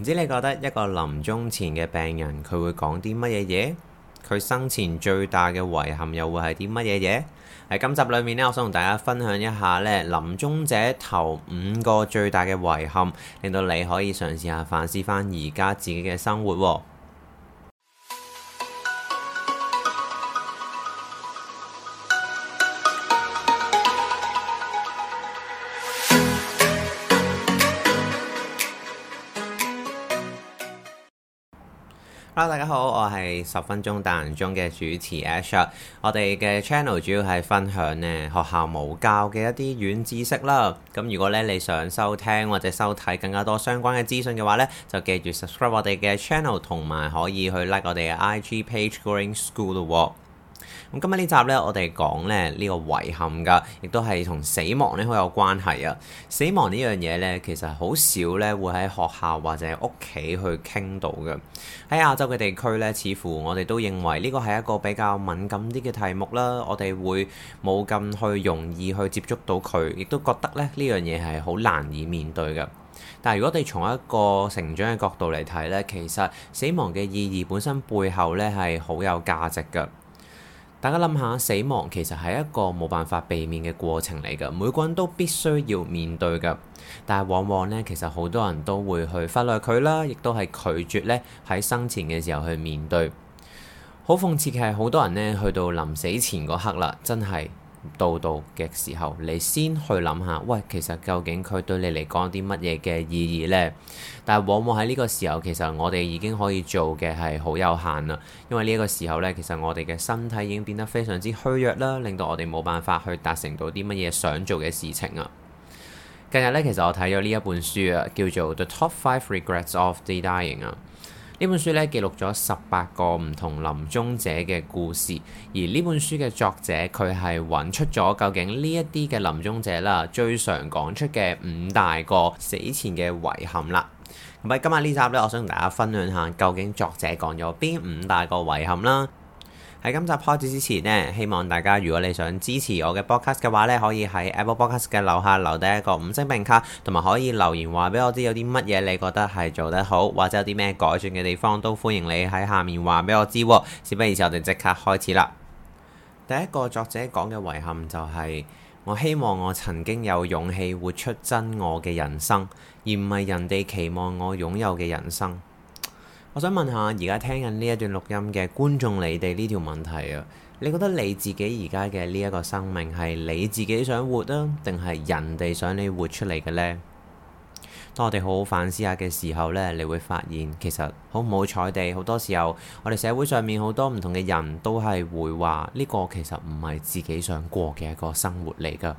唔知你覺得一個臨終前嘅病人，佢會講啲乜嘢嘢？佢生前最大嘅遺憾又會係啲乜嘢嘢？喺今集裏面呢，我想同大家分享一下呢，臨終者頭五個最大嘅遺憾，令到你可以嘗試下反思返而家自己嘅生活喎。Hello，大家好，我係十分鐘大人中嘅主持 Asher。我哋嘅 channel 主要係分享呢學校冇教嘅一啲軟知識啦。咁如果咧你想收聽或者收睇更加多相關嘅資訊嘅話咧，就記住 subscribe 我哋嘅 channel，同埋可以去 like 我哋嘅 IG page Growing School Walk。咁今日呢集呢，我哋講呢呢個遺憾噶，亦都係同死亡呢好有關係啊。死亡呢樣嘢呢,其實好少呢會喺學校或者屋企去傾到嘅。喺亞洲嘅地區呢，似乎我哋都認為呢個係一個比較敏感啲嘅題目啦。我哋會冇咁去容易去接觸到佢，亦都覺得呢呢樣嘢係好難以面對嘅。但係如果我哋從一個成長嘅角度嚟睇呢，其實死亡嘅意義本身背後呢係好有價值嘅。大家諗下，死亡其實係一個冇辦法避免嘅過程嚟㗎，每個人都必須要面對㗎。但係往往呢，其實好多人都會去忽略佢啦，亦都係拒絕呢喺生前嘅時候去面對。好諷刺嘅係，好多人呢去到臨死前嗰刻啦，真係。到到嘅時候，你先去諗下，「喂，其實究竟佢對你嚟講啲乜嘢嘅意義呢？」但係往往喺呢個時候，其實我哋已經可以做嘅係好有限啦，因為呢一個時候呢，其實我哋嘅身體已經變得非常之虛弱啦，令到我哋冇辦法去達成到啲乜嘢想做嘅事情啊。近日呢，其實我睇咗呢一本書啊，叫做《The Top Five Regrets of the Dying》啊。呢本書咧記錄咗十八個唔同臨終者嘅故事，而呢本書嘅作者佢係揾出咗究竟呢一啲嘅臨終者啦，最常講出嘅五大個死前嘅遺憾啦。咁喺今日呢集呢，我想同大家分享下究竟作者講咗邊五大個遺憾啦。喺今集開始之前呢，希望大家如果你想支持我嘅 Podcast 嘅話呢，可以喺 Apple Podcast 嘅樓下留低一個五星評價，同埋可以留言話俾我知有啲乜嘢你覺得係做得好，或者有啲咩改進嘅地方都歡迎你喺下面話俾我知。事不宜遲，我哋即刻開始啦。第一個作者講嘅遺憾就係、是，我希望我曾經有勇氣活出真我嘅人生，而唔係人哋期望我擁有嘅人生。我想問下，而家聽緊呢一段錄音嘅觀眾，你哋呢條問題啊？你覺得你自己而家嘅呢一個生命係你自己想活啊，定係人哋想你活出嚟嘅呢？當我哋好好反思下嘅時候呢，你會發現其實好唔好彩地，好多時候我哋社會上面好多唔同嘅人都係會話，呢個其實唔係自己想過嘅一個生活嚟噶。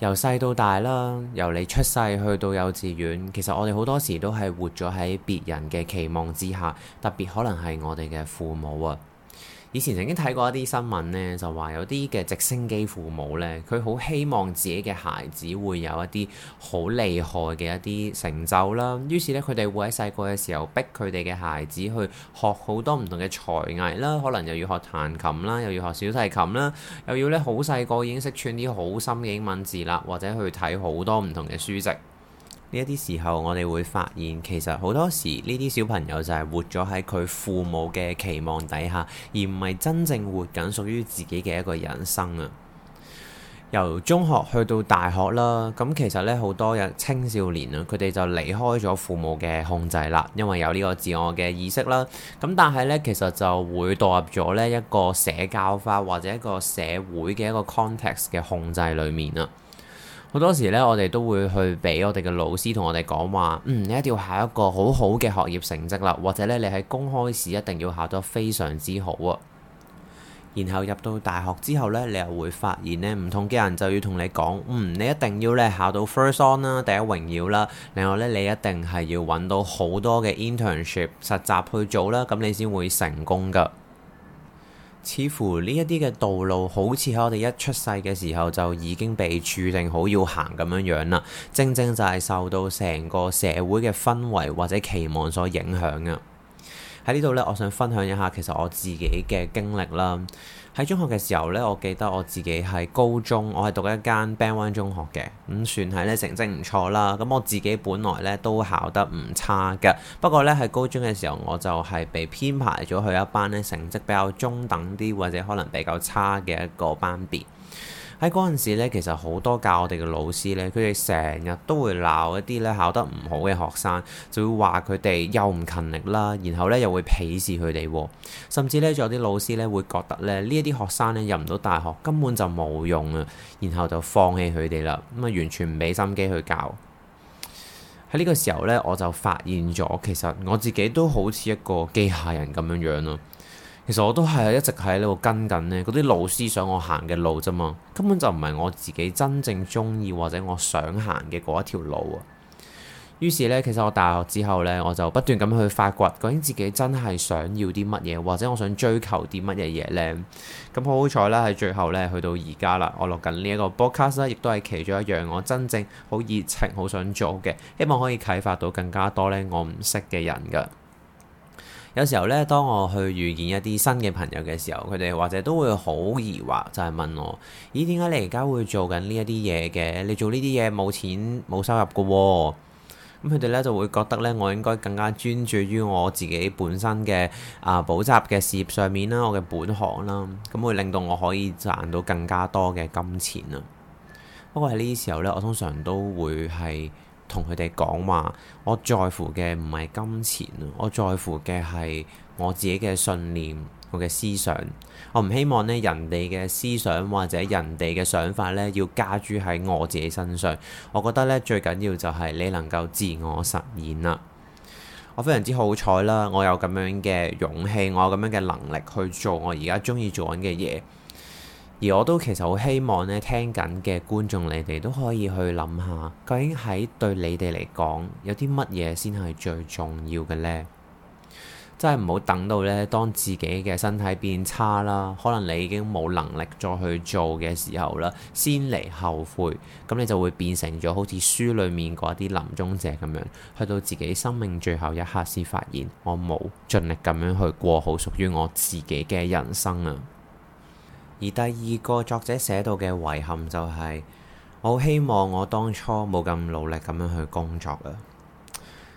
由細到大啦，由你出世去到幼稚園，其實我哋好多時都係活咗喺別人嘅期望之下，特別可能係我哋嘅父母啊。以前曾經睇過一啲新聞呢，就話有啲嘅直升機父母呢，佢好希望自己嘅孩子會有一啲好厲害嘅一啲成就啦。於是呢，佢哋會喺細個嘅時候逼佢哋嘅孩子去學好多唔同嘅才藝啦，可能又要學彈琴啦，又要學小提琴啦，又要呢好細個已經識串啲好深嘅英文字啦，或者去睇好多唔同嘅書籍。呢一啲時候，我哋會發現，其實好多時呢啲小朋友就係活咗喺佢父母嘅期望底下，而唔係真正活緊屬於自己嘅一個人生啊。由中學去到大學啦，咁其實咧好多嘅青少年啊，佢哋就離開咗父母嘅控制啦，因為有呢個自我嘅意識啦。咁但係咧，其實就會墮入咗呢一個社交化或者一個社會嘅一個 context 嘅控制裡面啊。好多時咧，我哋都會去俾我哋嘅老師同我哋講話，嗯，你一定要考一個好好嘅學業成績啦，或者咧你喺公開試一定要考得非常之好啊。然後入到大學之後咧，你又會發現咧，唔同嘅人就要同你講，嗯，你一定要咧考到 first on 啦，第一榮耀啦。然後咧，你一定係要揾到好多嘅 internship 實習去做啦，咁你先會成功㗎。似乎呢一啲嘅道路，好似喺我哋一出世嘅時候就已經被注定好要行咁樣樣啦。正正就係受到成個社會嘅氛圍或者期望所影響啊。喺呢度咧，我想分享一下其實我自己嘅經歷啦。喺中學嘅時候咧，我記得我自己係高中，我係讀一間 Band One 中學嘅，咁算係咧成績唔錯啦。咁我自己本來咧都考得唔差嘅，不過咧喺高中嘅時候我就係被編排咗去一班咧成績比較中等啲或者可能比較差嘅一個班別。喺嗰陣時咧，其實好多教我哋嘅老師咧，佢哋成日都會鬧一啲咧考得唔好嘅學生，就會話佢哋又唔勤力啦，然後咧又會鄙視佢哋，甚至咧仲有啲老師咧會覺得咧呢一啲學生咧入唔到大學根本就冇用啊，然後就放棄佢哋啦，咁啊完全唔俾心機去教。喺呢個時候咧，我就發現咗其實我自己都好似一個機械人咁樣樣咯。其實我都係一直喺呢度跟緊呢嗰啲老師想我行嘅路啫嘛，根本就唔係我自己真正中意或者我想行嘅嗰一條路啊。於是呢，其實我大學之後呢，我就不斷咁去發掘究竟自己真係想要啲乜嘢，或者我想追求啲乜嘢嘢呢。咁好好彩啦，喺最後呢去到而家啦，我落緊呢一個 podcast 呢，亦都係其中一樣我真正好熱情、好想做嘅，希望可以啟發到更加多呢我唔識嘅人噶。有時候咧，當我去遇見一啲新嘅朋友嘅時候，佢哋或者都會好疑惑，就係、是、問我：咦，點解你而家會做緊呢一啲嘢嘅？你做呢啲嘢冇錢冇收入㗎喎、哦？咁佢哋咧就會覺得咧，我應該更加專注於我自己本身嘅啊補習嘅事業上面啦，我嘅本行啦，咁會令到我可以賺到更加多嘅金錢啊！不過喺呢啲時候咧，我通常都會係，同佢哋講話，我在乎嘅唔係金錢，我在乎嘅係我自己嘅信念，我嘅思想。我唔希望呢人哋嘅思想或者人哋嘅想法呢要加諸喺我自己身上。我覺得呢最緊要就係你能夠自我實現啦。我非常之好彩啦，我有咁樣嘅勇氣，我有咁樣嘅能力去做我而家中意做緊嘅嘢。而我都其實好希望呢，聽緊嘅觀眾，你哋都可以去諗下，究竟喺對你哋嚟講有啲乜嘢先係最重要嘅呢？真係唔好等到呢，當自己嘅身體變差啦，可能你已經冇能力再去做嘅時候啦，先嚟後悔，咁你就會變成咗好似書裡面嗰啲臨終者咁樣，去到自己生命最後一刻先發現，我冇盡力咁樣去過好屬於我自己嘅人生啊！而第二個作者寫到嘅遺憾就係，是，我好希望我當初冇咁努力咁樣去工作啦。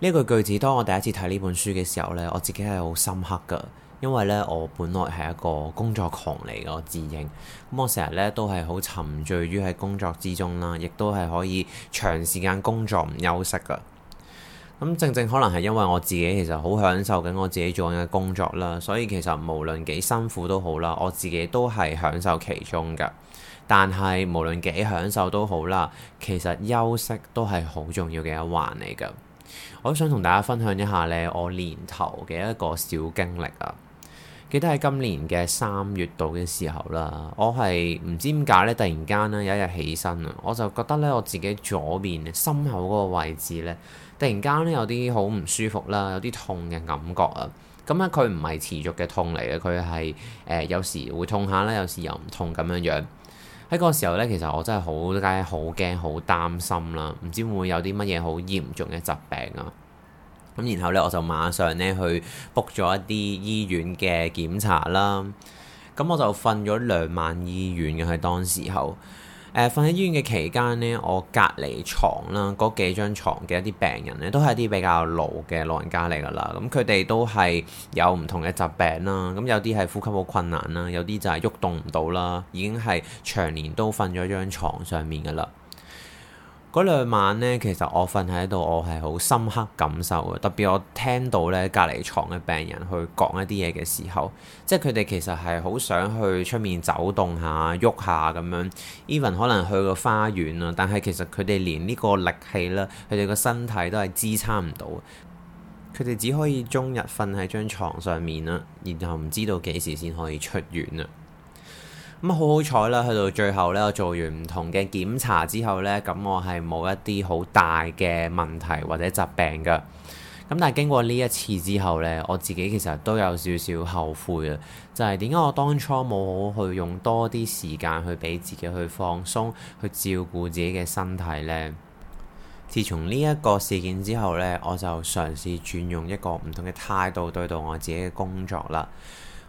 呢個句，句子當我第一次睇呢本書嘅時候呢，我自己係好深刻噶，因為呢，我本來係一個工作狂嚟，我自認咁我成日呢都係好沉醉於喺工作之中啦，亦都係可以長時間工作唔休息噶。咁正正可能係因為我自己其實好享受緊我自己做緊嘅工作啦，所以其實無論幾辛苦都好啦，我自己都係享受其中㗎。但係無論幾享受都好啦，其實休息都係好重要嘅一環嚟噶。我都想同大家分享一下呢，我年頭嘅一個小經歷啊。記得喺今年嘅三月度嘅時候啦，我係唔知點解咧，突然間咧有一日起身啊，我就覺得咧我自己左面心口嗰個位置咧，突然間咧有啲好唔舒服啦，有啲痛嘅感覺啊。咁咧佢唔係持續嘅痛嚟嘅，佢係誒有時會痛下咧，有時又唔痛咁樣樣。喺嗰個時候咧，其實我真係好好驚，好擔心啦，唔知會唔會有啲乜嘢好嚴重嘅疾病啊？咁然後咧，我就馬上咧去 book 咗一啲醫院嘅檢查啦。咁我就瞓咗兩晚醫院嘅，喺當時候。誒、呃，瞓喺醫院嘅期間呢，我隔離床啦，嗰幾張牀嘅一啲病人咧，都係一啲比較老嘅老人家嚟㗎啦。咁佢哋都係有唔同嘅疾病啦。咁有啲係呼吸好困難啦，有啲就係喐動唔到啦，已經係長年都瞓咗張床上面㗎啦。嗰兩晚呢，其實我瞓喺度，我係好深刻感受嘅。特別我聽到呢隔籬床嘅病人去講一啲嘢嘅時候，即係佢哋其實係好想去出面走動下、喐下咁樣，even 可能去個花園啊。但係其實佢哋連呢個力氣啦，佢哋個身體都係支撐唔到，佢哋只可以終日瞓喺張床上面啦，然後唔知道幾時先可以出院啊。咁好好彩啦！去到最後呢，我做完唔同嘅檢查之後呢，咁我係冇一啲好大嘅問題或者疾病嘅。咁但係經過呢一次之後呢，我自己其實都有少少後悔啊，就係點解我當初冇好去用多啲時間去俾自己去放鬆，去照顧自己嘅身體呢？自從呢一個事件之後呢，我就嘗試轉用一個唔同嘅態度對待我自己嘅工作啦。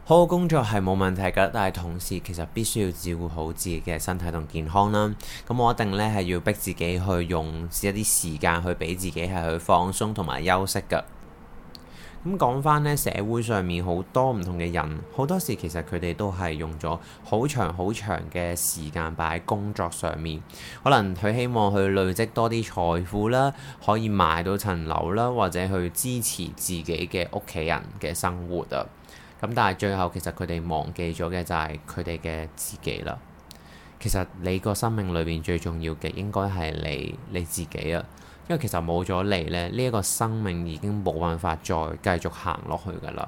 好好工作係冇問題嘅，但係同時其實必須要照顧好自己嘅身體同健康啦。咁我一定呢係要逼自己去用一啲時間去俾自己係去放鬆同埋休息嘅。咁講翻呢，社會上面好多唔同嘅人，好多時其實佢哋都係用咗好長好長嘅時間擺喺工作上面。可能佢希望去累積多啲財富啦，可以買到層樓啦，或者去支持自己嘅屋企人嘅生活啊。咁但係最後其實佢哋忘記咗嘅就係佢哋嘅自己啦。其實你個生命裏邊最重要嘅應該係你你自己啊，因為其實冇咗你咧，呢一個生命已經冇辦法再繼續行落去噶啦。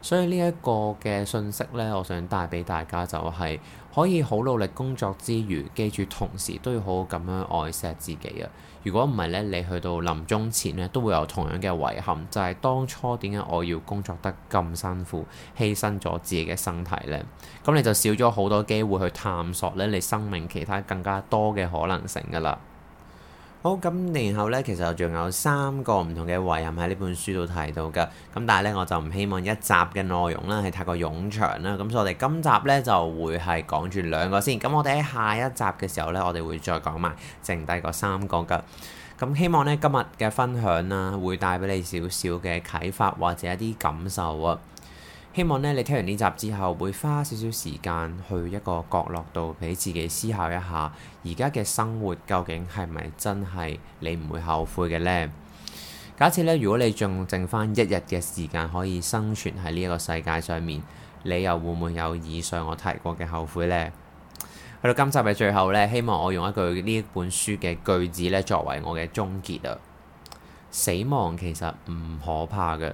所以呢一個嘅信息呢，我想帶俾大家就係可以好努力工作之餘，記住同時都要好好咁樣愛惜自己啊！如果唔係呢，你去到臨終前呢，都會有同樣嘅遺憾，就係當初點解我要工作得咁辛苦，犧牲咗自己嘅身體呢。咁你就少咗好多機會去探索呢，你生命其他更加多嘅可能性噶啦。好咁，然後呢，其實仲有三個唔同嘅遺憾喺呢本書度提到㗎。咁但係呢，我就唔希望一集嘅內容呢係太過冗長啦。咁所以我哋今集呢，就會係講住兩個先。咁我哋喺下一集嘅時候呢，我哋會再講埋剩低嗰三個㗎。咁希望呢，今日嘅分享啦、啊，會帶俾你少少嘅啟發或者一啲感受啊！希望呢，你聽完呢集之後，會花少少時間去一個角落度，俾自己思考一下，而家嘅生活究竟係咪真係你唔會後悔嘅呢？假設呢，如果你仲剩翻一日嘅時間可以生存喺呢一個世界上面，你又會唔會有以上我提過嘅後悔呢？去到今集嘅最後呢，希望我用一句呢本書嘅句子呢，作為我嘅終結啊！死亡其實唔可怕嘅。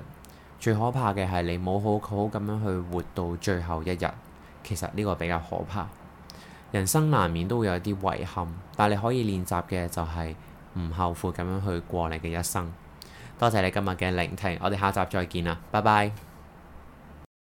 最可怕嘅係你冇好好咁樣去活到最後一日，其實呢個比較可怕。人生難免都會有一啲遺憾，但你可以練習嘅就係唔後悔咁樣去過你嘅一生。多謝你今日嘅聆聽，我哋下集再見啦，拜拜。